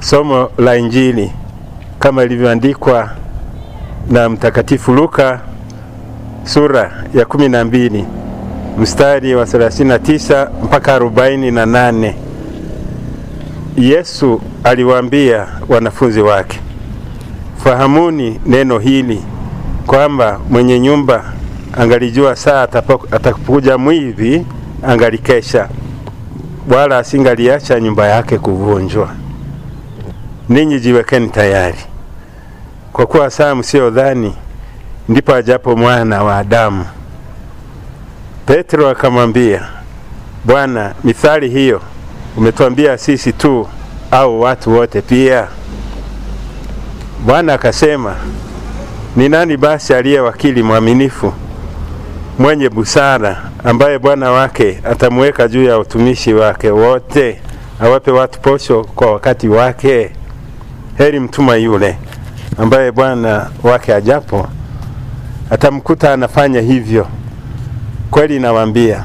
somo la Injili kama ilivyoandikwa na Mtakatifu Luka sura ya kumi na mbili mstari wa 39 mpaka 48. Yesu aliwaambia wanafunzi wake, fahamuni neno hili kwamba mwenye nyumba angalijua saa atakapokuja mwivi angalikesha, wala asingaliacha nyumba yake kuvunjwa ninyi jiwekeni tayari, kwa kuwa saa dhani ndipo ajapo mwana wa Adamu. Petro akamwambia, Bwana, mithali hiyo umetuambia sisi tu au watu wote pia? Bwana akasema, ni nani basi aliye wakili mwaminifu mwenye busara, ambaye bwana wake atamweka juu ya utumishi wake wote, awape watu posho kwa wakati wake? heri mtuma yule ambaye bwana wake ajapo atamkuta anafanya hivyo. Kweli nawaambia,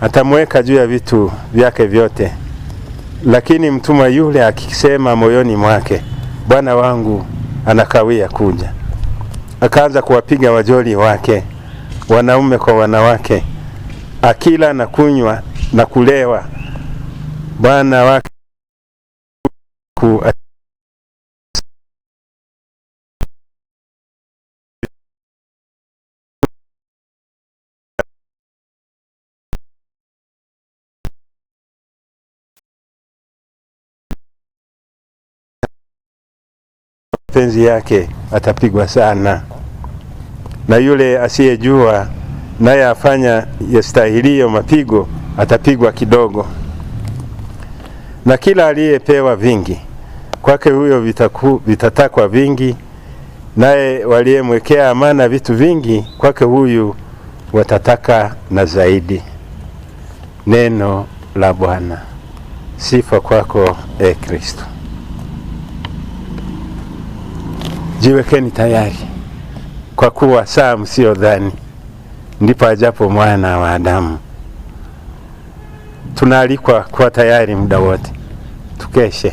atamweka juu ya vitu vyake vyote. Lakini mtuma yule akisema moyoni mwake, bwana wangu anakawia kuja, akaanza kuwapiga wajoli wake wanaume kwa wanawake, akila na kunywa na kulewa, bwana wake mapenzi yake atapigwa sana, na yule asiyejua naye afanya yastahiliyo mapigo atapigwa kidogo, na kila aliyepewa vingi kwake huyo vitaku, vitatakwa vingi, naye waliyemwekea amana vitu vingi kwake huyu watataka na zaidi. Neno la Bwana. Sifa kwako, e Kristo. jiwekeni tayari, kwa kuwa saa msio dhani ndipo ajapo mwana wa Adamu. Tunaalikwa kuwa tayari muda wote, tukeshe,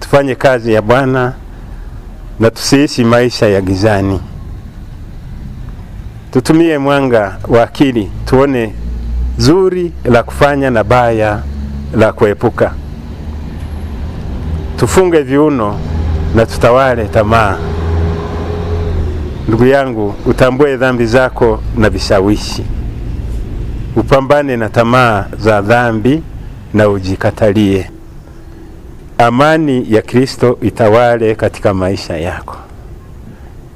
tufanye kazi ya Bwana na tusiishi maisha ya gizani. Tutumie mwanga wa akili tuone zuri la kufanya na baya la kuepuka. Tufunge viuno na tutawale tamaa. Ndugu yangu, utambue dhambi zako na vishawishi, upambane na tamaa za dhambi na ujikatalie. Amani ya Kristo itawale katika maisha yako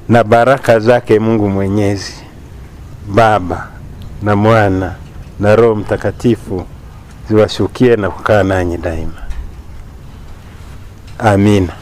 na baraka zake Mungu Mwenyezi, Baba na Mwana na Roho Mtakatifu ziwashukie na kukaa nanyi daima. Amina.